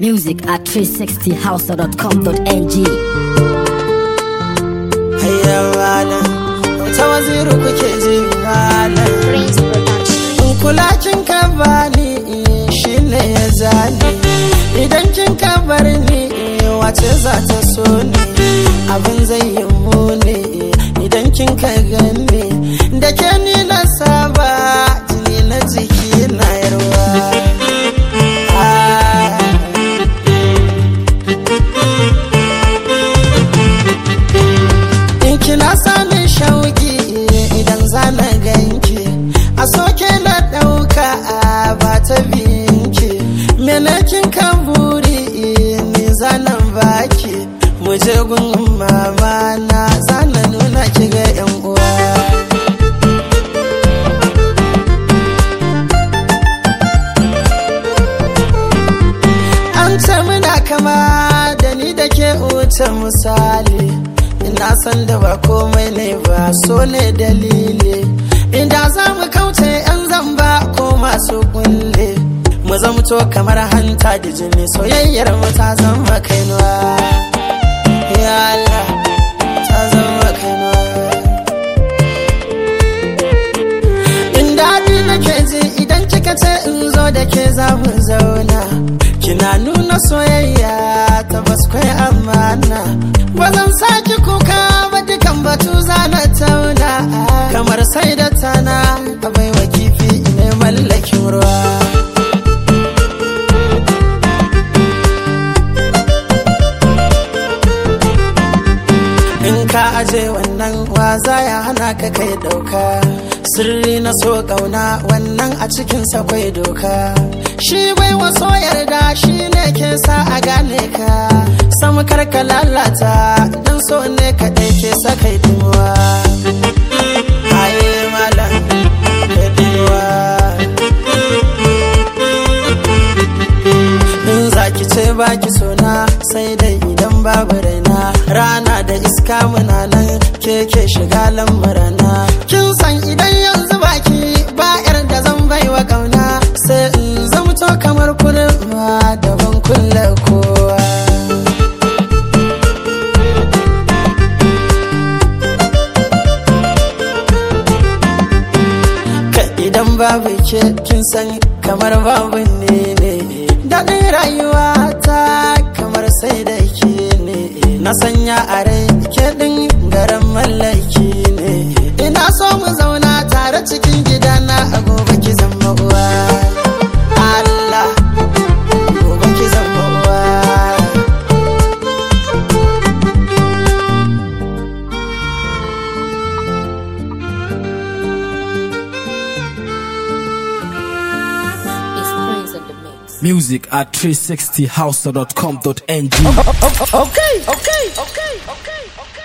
Music at 360house.com.ng Hayyar rana, wata waziru kuke ji rana. Kula kabali shi ne ya zane, idan kin kabar ni wace za ta so ne abin zai zana na ganki a soke na ɗauka a ba ta binki menakin kan buri ni za baki muje je gun mama na za na nuna ki ga yan uwa an muna kama da ni da ke wuce misali Ina san da ba komai ne ba so ne dalili inda za mu kauce yan zamba ko masu kulle mu zamto kamar hanta da jini soyayyar mu ta zama kainuwa ya Allah ta zama kainuwa in daɗi nake ji idan kika ce in zo da ke za mu zauna ka aje wannan waza ya hana ka kai dauka sirri na so kauna wannan a sa kwai doka shi bai waso yarda shi ne ke sa a gane ka samu ka lalata dan so ne ka ke sa kai duwa ce baki sona sai dai idan babu raina rana da iska muna nan keke shiga na. kin san idan yanzu baki ba yar da zan baiwa kauna sai in zamto kamar kurma daban kulle kowa idan babu ke kin san kamar babu ne ne daɗin rayuwa ta kamar sai da na sanya a rai Music at 360house.com.ng. Okay, okay, okay, okay, okay.